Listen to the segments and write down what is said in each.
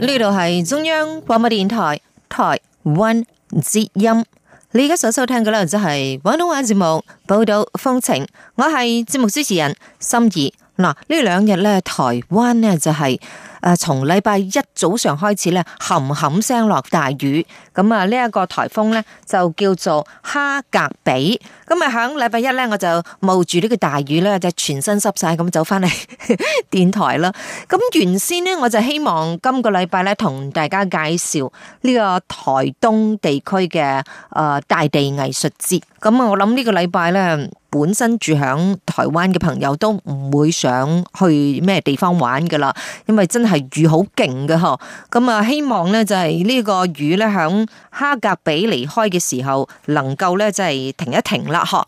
呢度係中央廣播電台台灣之音，你而家所收聽嘅呢，就係廣東話節目報道風情，我係節目主持人心儀。嗱，呢兩日咧，台灣咧就係誒，從禮拜一早上開始咧，冚冚聲落大雨。咁啊，呢一個台風咧就叫做哈格比。咁啊，喺禮拜一咧，我就冒住呢個大雨咧，就全身濕晒咁走翻嚟電台啦。咁原先呢，我就希望今個禮拜咧，同大家介紹呢個台東地區嘅誒大地藝術節。咁啊，我諗呢個禮拜咧。本身住響台灣嘅朋友都唔會想去咩地方玩噶啦，因為真係雨好勁嘅嗬，咁啊，希望咧就係呢個雨咧喺哈格比離開嘅時候，能夠咧就係停一停啦嗬。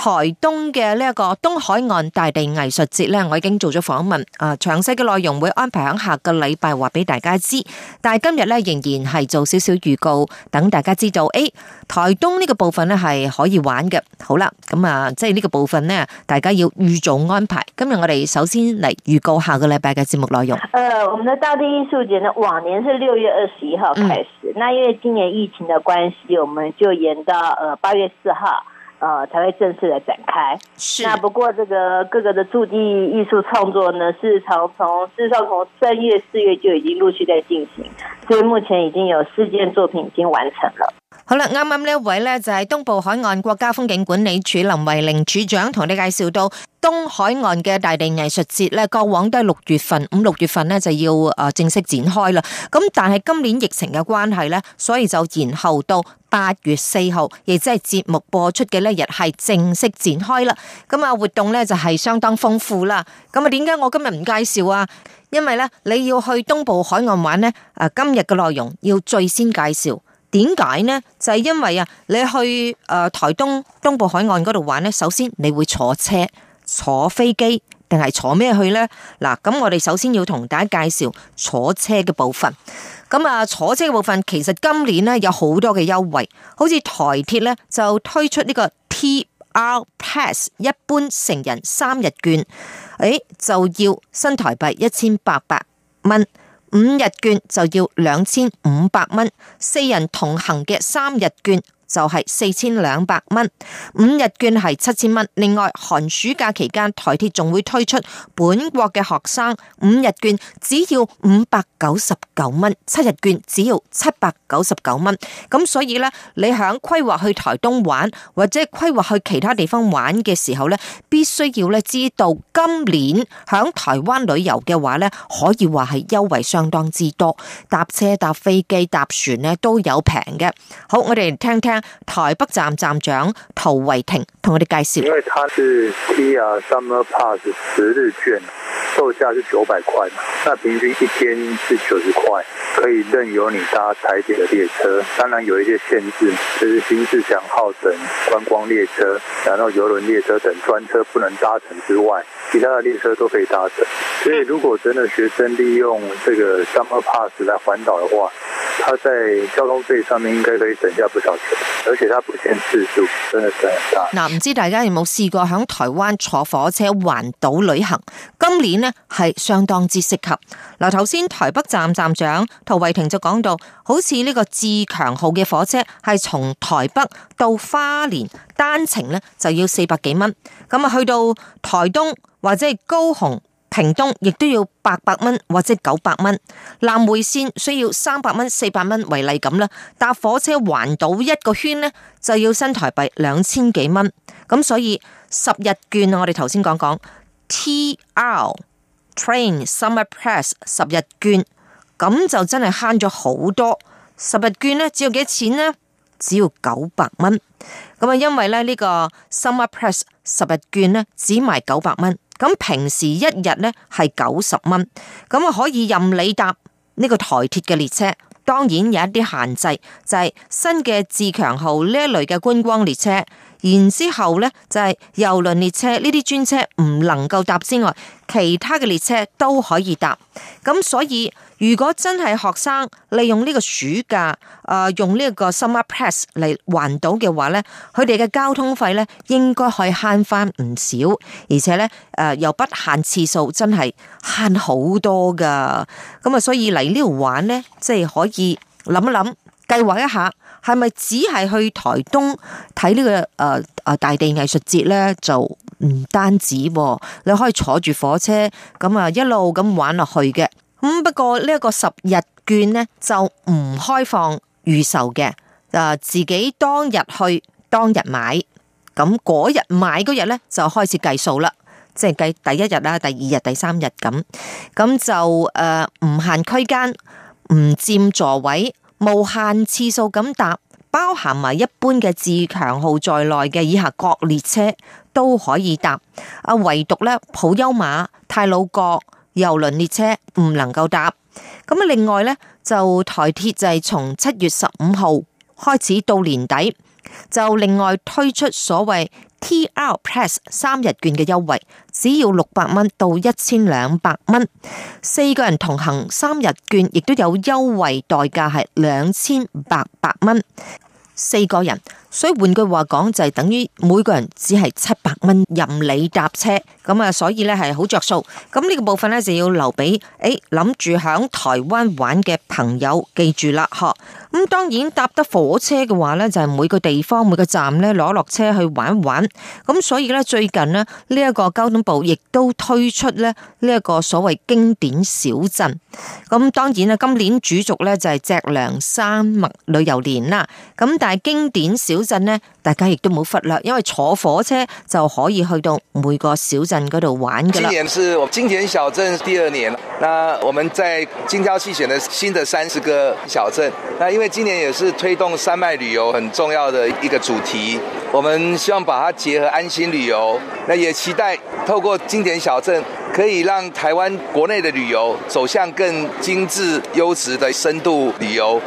台東嘅呢一個東海岸大地藝術節呢，我已經做咗訪問，啊，詳細嘅內容會安排喺下個禮拜話俾大家知。但係今日呢，仍然係做少少預告，等大家知道，誒、欸，台東呢個部分呢，係可以玩嘅。好啦，咁啊，即係呢個部分呢，大家要預早安排。今日我哋首先嚟預告下個禮拜嘅節目內容。誒、呃，我們的大地藝術節呢，往年是六月二十一號開始，嗯，那因為今年疫情嘅關係，我們就延到八月四號。呃，才會正式地展開。是。那不過這個各個的駐地藝術創作呢，是從從事實上從三月四月就已經陸續在進行，所以目前已經有四件作品已經完成了。好啦，啱啱呢一位咧就係、是、東部海岸國家風景管理處林慧玲處長同你介紹到東海岸嘅大地藝術節咧，過往都係六月份，五六月份咧就要誒正式展開啦。咁但係今年疫情嘅關係咧，所以就延後到八月四號，亦即係節目播出嘅呢日係正式展開啦。咁啊，活動咧就係、是、相當豐富啦。咁啊，點解我今日唔介紹啊？因為咧你要去東部海岸玩咧，誒，今日嘅內容要最先介紹。點解呢？就係因為啊，你去誒台東東部海岸嗰度玩呢，首先你會坐車、坐飛機定係坐咩去呢？嗱，咁我哋首先要同大家介紹坐車嘅部分。咁啊，坐車嘅部分其實今年呢有好多嘅優惠，好似台鐵呢就推出呢個 TR Pass 一般成人三日券，誒就要新台幣一千八百蚊。五日券就要兩千五百蚊，四人同行嘅三日券，就係四千兩百蚊，五日券係七千蚊。另外寒暑假期間，台鐵仲會推出本國嘅學生五日券，只要五百九十九蚊；七日券只要七百九十九蚊。咁所以咧，你響規劃去台東玩或者規劃去其他地方玩嘅時候咧，必須要咧知道今年響台灣旅遊嘅話咧，可以話係優惠相當之多，搭車搭飛機搭船咧都有平嘅。好，我哋聽聽。台北站站長涂維庭同我哋介紹，因為他是 TR summer pass 十日券，售價是九百塊，那平均一天是九十塊，可以任由你搭台鐵的列車。當然有一些限制，就是新自強號等觀光列車，然後郵輪列車等專車不能搭乘之外，其他的列車都可以搭乘。所以如果真的學生利用這個 summer pass 來環島的話，它在交通費上面應該可以省下不少錢。而且它不限次數，真係真真。嗱，唔知大家有冇試過喺台灣坐火車環島旅行？今年咧係相當之適合。嗱，頭先台北站站長涂維庭就講到，好似呢個自強號嘅火車係從台北到花蓮單程咧就要四百幾蚊，咁啊去到台東或者係高雄。屏東亦都要八百蚊或者九百蚊，南迴線需要三百蚊、四百蚊為例咁啦。搭火車環島一個圈呢，就要新台幣兩千幾蚊。咁所以十日券，我哋頭先講講 TR Train Summer Pass 十日券，咁就真係慳咗好多。十日券呢，只要幾多錢咧？只要九百蚊。咁啊，因為咧呢個 Summer Pass 十日券呢，只賣九百蚊。咁平時一日呢係九十蚊，咁啊可以任你搭呢個台鐵嘅列車。當然有一啲限制，就係新嘅自強號呢一類嘅觀光列車，然之後呢就係郵輪列車呢啲專車唔能夠搭之外，其他嘅列車都可以搭。咁所以。如果真係學生利用呢個暑假，誒用呢個 Summer Pass 嚟環島嘅話咧，佢哋嘅交通費咧應該可以慳翻唔少，而且咧誒又不限次數，真係慳好多噶。咁啊，所以嚟呢度玩咧，即係可以諗一諗，計劃一下，係咪只係去台東睇呢個誒大地藝術節咧？就唔單止，你可以坐住火車，咁啊一路咁玩落去嘅。咁不過呢一個十日券呢，就唔開放預售嘅，誒自己當日去當日買，咁嗰日買嗰日呢，就開始計數啦，即係計第一日啦、第二日、第三日咁，咁就誒唔限區間、唔佔座位、無限次數咁搭，包含埋一般嘅自強號在內嘅以下各列車都可以搭，啊唯獨呢，普悠瑪、太魯閣。郵輪列車唔能夠搭，咁啊另外呢就台鐵就係從七月十五號開始到年底，就另外推出所謂 TR Press 三日券嘅優惠，只要六百蚊到一千兩百蚊，四個人同行三日券亦都有優惠代價 2,，代價係兩千八百蚊。四個人，所以換句話講就係等於每個人只係七百蚊任你搭車，咁啊所以咧係好着數，咁呢個部分咧就要留俾誒諗住響台灣玩嘅朋友記住啦，呵。咁當然搭得火車嘅話呢，就係、是、每個地方每個站呢，攞落車去玩一玩。咁所以呢，最近呢，呢、這、一個交通部亦都推出呢，呢一個所謂經典小鎮。咁當然啦，今年主軸呢，就係脊梁山脈旅遊年啦。咁但係經典小鎮呢，大家亦都冇忽略，因為坐火車就可以去到每個小鎮嗰度玩噶。今年是經典小鎮第二年，那我們在精挑細選的新的三十個小鎮，因為今年也是推動山脈旅遊很重要的一個主題，我們希望把它結合安心旅遊，那也期待透過經典小鎮，可以讓台灣國內的旅遊走向更精緻、優質的深度旅遊。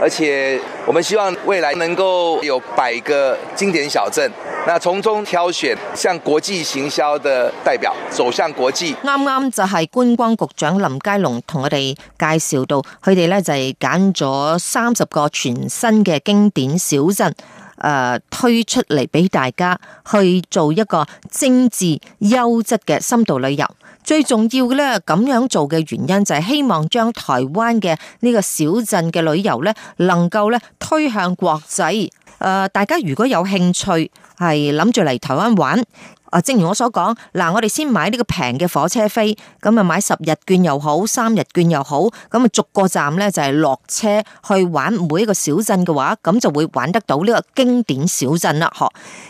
而且，我們希望未來能夠有百個經典小鎮，那從中挑選，向國際行銷的代表走向國際。啱啱就係觀光局長林佳龍同我哋介紹到他們，呢，佢哋咧就係揀咗三十個全新嘅經典小鎮，誒、呃、推出嚟，俾大家去做一個精緻、優質嘅深度旅遊。最重要嘅咧，咁樣做嘅原因就係希望將台灣嘅呢個小鎮嘅旅遊咧，能夠咧推向國際。誒、呃，大家如果有興趣，係諗住嚟台灣玩。啊，正如我所講，嗱，我哋先買呢個平嘅火車飛，咁啊買十日券又好，三日券又好，咁啊逐個站咧就係落車去玩每一個小鎮嘅話，咁就會玩得到呢個經典小鎮啦，嗬。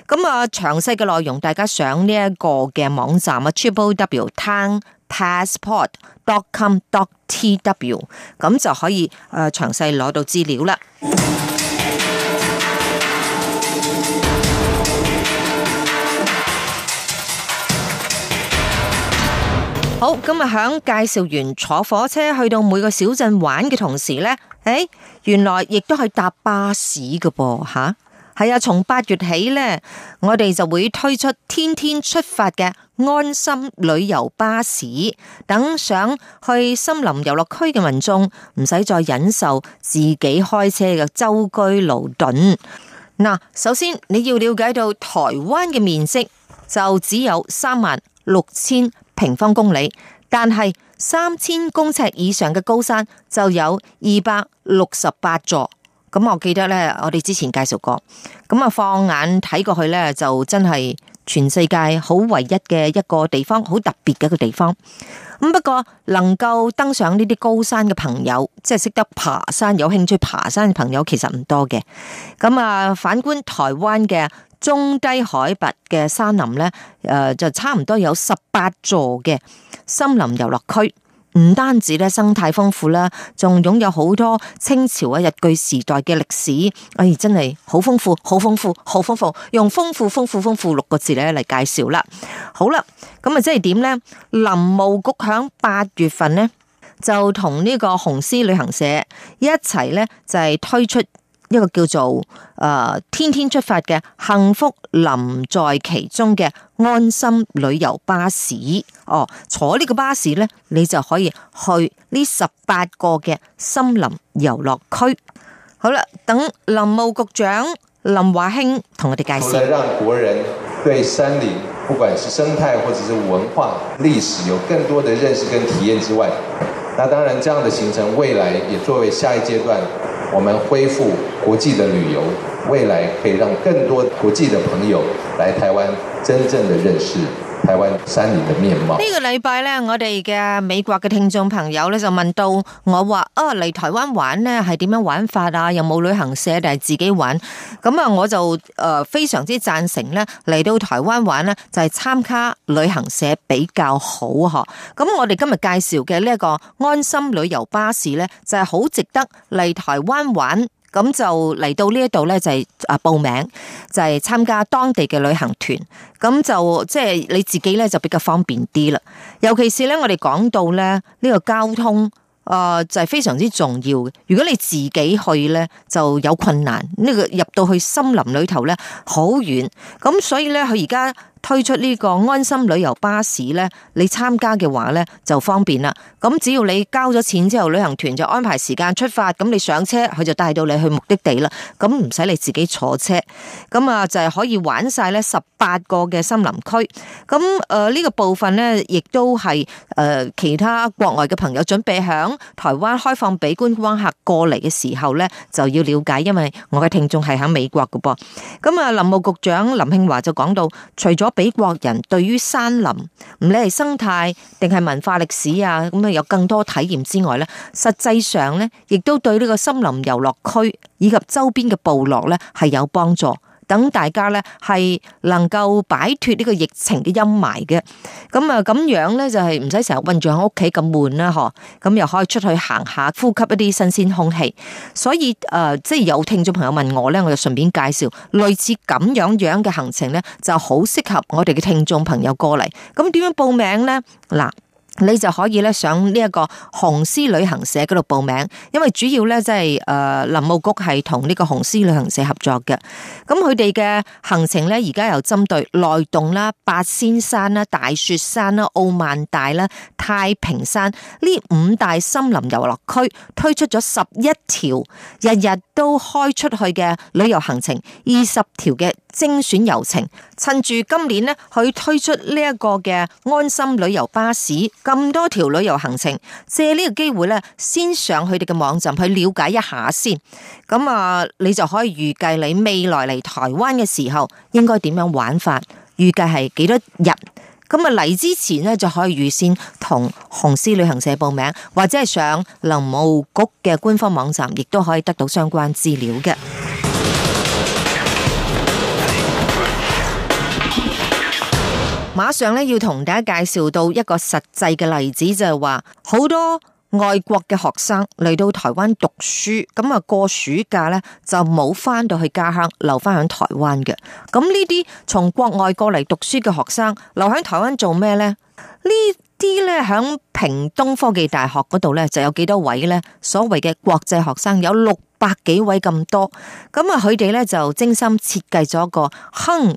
咁啊詳細嘅內容，大家上呢一個嘅網站啊，Triple W Town Passport dot com dot T W，咁就可以誒詳細攞到資料啦。好，咁啊，響介紹完坐火車去到每個小鎮玩嘅同時呢，誒、哎，原來亦都係搭巴士㗎噃，吓，係啊！從八月起呢，我哋就會推出天天出發嘅安心旅遊巴士，等想去森林遊樂區嘅民眾唔使再忍受自己開車嘅舟車勞頓。嗱，首先你要了解到台灣嘅面積就只有三萬六千。平方公里，但係三千公尺以上嘅高山就有二百六十八座。咁我記得咧，我哋之前介紹過。咁啊，放眼睇過去咧，就真係全世界好唯一嘅一個地方，好特別嘅一個地方。咁不過能夠登上呢啲高山嘅朋友，即係識得爬山、有興趣爬山嘅朋友，其實唔多嘅。咁啊，反觀台灣嘅。中低海拔嘅山林咧，誒，就差唔多有十八座嘅森林遊樂區，唔單止咧生態豐富啦，仲擁有好多清朝啊、日據時代嘅歷史，哎，真係好豐富，好豐富，好豐富，用豐富、豐富、豐富六個字咧嚟介紹啦。好啦，咁啊，即係點咧？林務局響八月份咧，就同呢個紅絲旅行社一齊咧，就係、是、推出。一個叫做誒、呃、天天出發嘅幸福林在其中嘅安心旅遊巴士哦，坐呢個巴士呢，你就可以去呢十八個嘅森林遊樂區。好啦，等林務局長林華興同我哋介紹。為了讓國人對山林，不管是生態或者是文化歷史，有更多的認識跟體驗之外，那當然，這樣的行程未來也作為下一階段，我們恢復國際的旅遊，未來可以讓更多國際的朋友來台灣，真正的認識。台灣山林的面貌。呢個禮拜呢，我哋嘅美國嘅聽眾朋友呢就問到我話哦，嚟台灣玩呢係點樣玩法啊？有冇旅行社定係自己玩？咁啊，我就誒非常之贊成呢，嚟到台灣玩呢就係參加旅行社比較好嗬。咁我哋今日介紹嘅呢一個安心旅遊巴士呢就係好值得嚟台灣玩。咁就嚟到呢一度咧，就係、是、啊報名，就係、是、參加當地嘅旅行團。咁就即係、就是、你自己咧，就比較方便啲啦。尤其是咧，我哋講到咧呢、這個交通、呃、就係、是、非常之重要嘅。如果你自己去咧，就有困難。呢個入到去森林裏頭咧，好遠。咁所以咧，佢而家，推出呢個安心旅遊巴士咧，你參加嘅話咧就方便啦。咁只要你交咗錢之後，旅行團就安排時間出發，咁你上車佢就帶到你去目的地啦。咁唔使你自己坐車，咁啊就係可以玩晒咧十八個嘅森林區。咁誒呢個部分咧，亦都係誒、呃、其他國外嘅朋友準備響台灣開放俾觀光客過嚟嘅時候咧，就要了解，因為我嘅聽眾係響美國嘅噃。咁啊林務局長林慶華就講到，除咗俾國人對於山林唔理係生態定係文化歷史啊，咁啊有更多體驗之外咧，實際上咧亦都對呢個森林遊樂區以及周邊嘅部落咧係有幫助。等大家咧係能夠擺脫呢個疫情嘅陰霾嘅，咁啊咁樣咧就係唔使成日困住喺屋企咁悶啦，嗬，咁又可以出去行下，呼吸一啲新鮮空氣。所以誒，即係有聽眾朋友問我咧，我就順便介紹類似咁樣樣嘅行程咧，就好適合我哋嘅聽眾朋友過嚟。咁點樣報名咧？嗱。你就可以咧上呢一個雄獅旅行社嗰度報名，因為主要咧即係誒林務局係同呢個雄獅旅行社合作嘅，咁佢哋嘅行程咧而家又針對內洞啦、八仙山啦、大雪山啦、奧萬大啦、太平山呢五大森林遊樂區推出咗十一條日日都開出去嘅旅遊行程，二十條嘅。精選遊程，趁住今年呢去推出呢一個嘅安心旅遊巴士，咁多條旅遊行程，借呢個機會呢先上佢哋嘅網站去了解一下先。咁啊，你就可以預計你未來嚟台灣嘅時候應該點樣玩法，預計係幾多日。咁啊嚟之前呢，就可以預先同紅獅旅行社報名，或者係上林務局嘅官方網站，亦都可以得到相關資料嘅。馬上咧要同大家介紹到一個實際嘅例子，就係話好多外國嘅學生嚟到台灣讀書，咁啊過暑假咧就冇翻到去家鄉，留翻喺台灣嘅。咁呢啲從國外過嚟讀書嘅學生留喺台灣做咩呢？呢啲咧響屏東科技大學嗰度咧就有幾多位咧，所謂嘅國際學生有六百幾位咁多，咁啊佢哋咧就精心設計咗個 Hon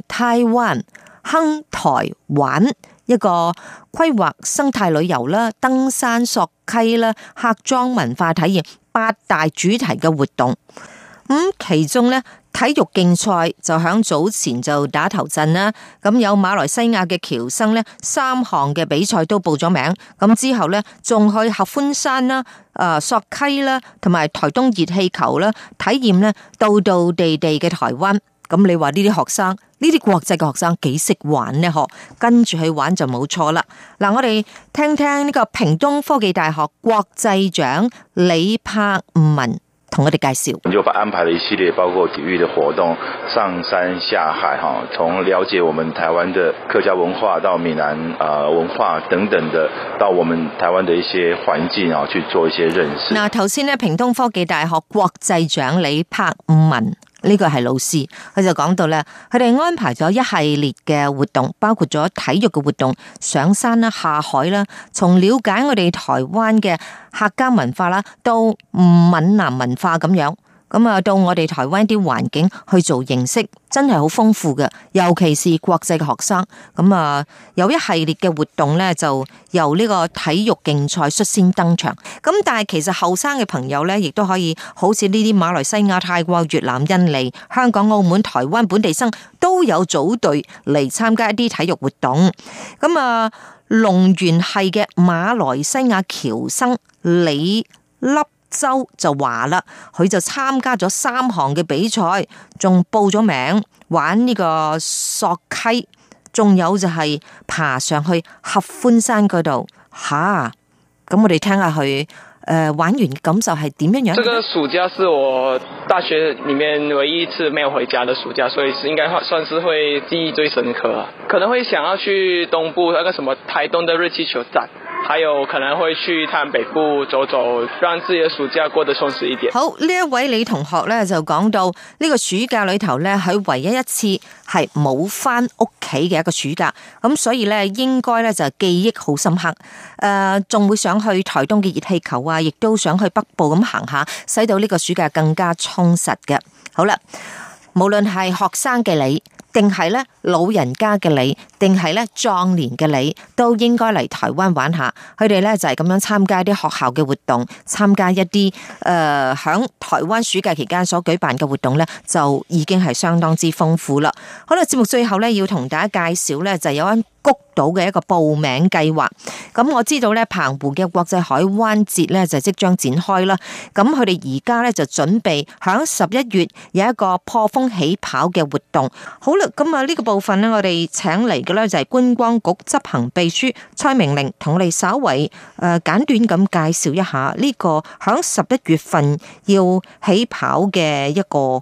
亨台玩一個規劃生態旅遊啦，登山索溪啦，客莊文化體驗八大主題嘅活動。咁其中呢體育競賽就響早前就打頭陣啦。咁有馬來西亞嘅僑生咧，三項嘅比賽都報咗名。咁之後咧，仲去合歡山啦、索溪啦，同埋台東熱氣球啦，體驗咧道道地地嘅台灣。咁你話呢啲學生，呢啲國際嘅學生幾識玩呢？嗬，跟住去玩就冇錯啦。嗱，我哋聽聽呢個屏東科技大學國際長李柏文同我哋介紹。我們就把安排了一系列包括體育嘅活動，上山下海，哈，從了解我們台灣的客家文化到閩南啊文化等等的，到我們台灣的一些環境啊，去做一些認識。嗱，頭先呢，屏東科技大學國際長李柏文。呢個係老師，佢就講到呢，佢哋安排咗一系列嘅活動，包括咗體育嘅活動，上山啦，下海啦，從了解我哋台灣嘅客家文化啦，到閩南文化咁樣。咁啊，到我哋台灣啲環境去做認識，真係好豐富嘅。尤其是國際嘅學生，咁啊，有一系列嘅活動咧，就由呢個體育競賽率先登場。咁但係其實後生嘅朋友咧，亦都可以好似呢啲馬來西亞、泰國、越南、印尼、香港、澳門、台灣本地生，都有組隊嚟參加一啲體育活動。咁啊，龍源係嘅馬來西亞僑生李粒。周就話啦，佢就參加咗三項嘅比賽，仲報咗名玩呢個索溪，仲有就係爬上去合歡山嗰度。吓，咁我哋聽下佢。誒，玩完感受係點樣樣？呢、這個暑假是我大學裏面唯一一次沒有回家的暑假，所以是應該算是會記憶最深刻。可能會想要去東部那個什麼台東的熱氣球站，還有可能會去一趟北部走走，讓自己的暑假過得充實一點。好，呢一位李同學咧，就講到呢、這個暑假裏頭咧，喺唯一一次係冇返屋企嘅一個暑假，咁所以咧，應該咧就記憶好深刻。誒、呃，仲會想去台東嘅熱氣球啊！話亦都想去北部咁行下，使到呢個暑假更加充實嘅。好啦，無論係學生嘅你，定係咧老人家嘅你，定係咧壯年嘅你，都應該嚟台灣玩下。佢哋咧就係咁樣參加啲學校嘅活動，參加一啲誒響台灣暑假期間所舉辦嘅活動咧，就已經係相當之豐富啦。好啦，節目最後咧要同大家介紹咧就有一。谷島嘅一個報名計劃，咁我知道咧，澎湖嘅國際海灣節咧就即將展開啦。咁佢哋而家咧就準備響十一月有一個破風起跑嘅活動。好啦，咁啊呢個部分呢，我哋請嚟嘅咧就係、是、觀光局執行秘書蔡明玲，同你稍微誒、呃、簡短咁介紹一下呢、這個響十一月份要起跑嘅一個。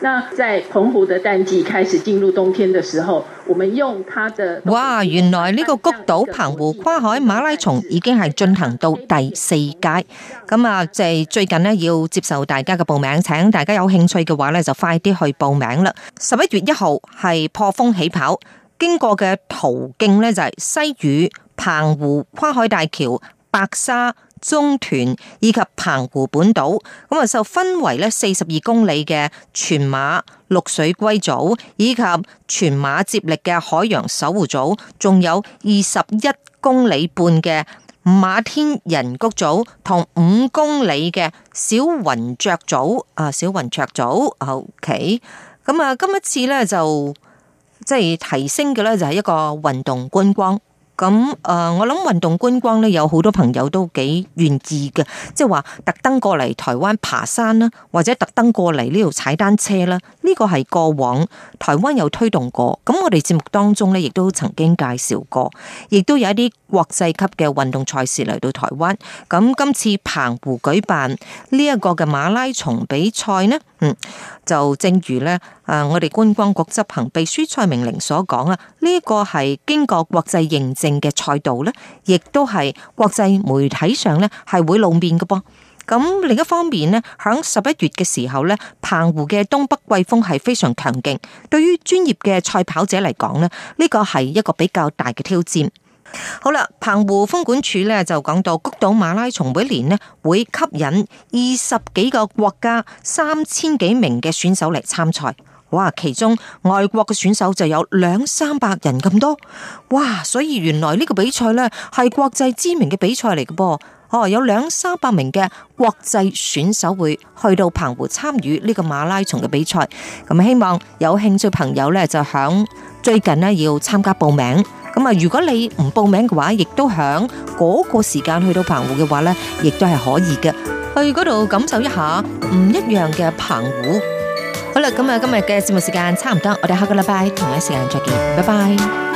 那在澎湖的淡季，開始進入冬天的時候，我們用它的哇，原來呢個谷島澎湖跨海馬拉松已經係進行到第四屆，咁啊就係最近咧，要接受大家嘅報名，請大家有興趣嘅話咧就快啲去報名啦！十一月一號係破風起跑，經過嘅途徑咧就係西嶼、澎湖跨海大橋、白沙。中屯以及澎湖本島，咁啊，就分為咧四十二公里嘅全馬綠蠵龜組，以及全馬接力嘅海洋守護組，仲有二十一公里半嘅馬天人菊組同五公里嘅小雲雀組。啊，小雲雀組，OK。咁啊，今一次咧就即係提升嘅咧，就係一個運動觀光。咁誒，我諗運動觀光咧，有好多朋友都幾願意嘅，即係話特登過嚟台灣爬山啦，或者特登過嚟呢度踩單車啦。呢個係過往台灣有推動過，咁我哋節目當中咧，亦都曾經介紹過，亦都有一啲國際級嘅運動賽事嚟到台灣。咁今次澎湖舉辦呢一個嘅馬拉松比賽呢，嗯，就正如咧。啊！我哋觀光局執行秘書蔡明玲所講啊，呢、呢個係經過國際認證嘅賽道呢，亦都係國際媒體上咧係會露面嘅噃。咁另一方面呢響十一月嘅時候呢，澎湖嘅東北季風係非常強勁，對於專業嘅賽跑者嚟講呢，呢個係一個比較大嘅挑戰。好啦，澎湖風管處呢就講到谷島馬拉松每年呢會吸引二十幾個國家三千幾名嘅選手嚟參賽。哇，其中外國嘅選手就有兩三百人咁多，哇！所以原來呢個比賽呢係國際知名嘅比賽嚟嘅噃，哦、啊，有兩三百名嘅國際選手會去到澎湖參與呢個馬拉松嘅比賽。咁、嗯、希望有興趣朋友呢就響最近呢要參加報名。咁、嗯、啊，如果你唔報名嘅話，亦都響嗰個時間去到澎湖嘅話呢，亦都係可以嘅，去嗰度感受一下唔一樣嘅澎湖。好啦，咁啊，今日嘅節目時間差唔多，我哋下個禮拜同一時間再見，拜拜。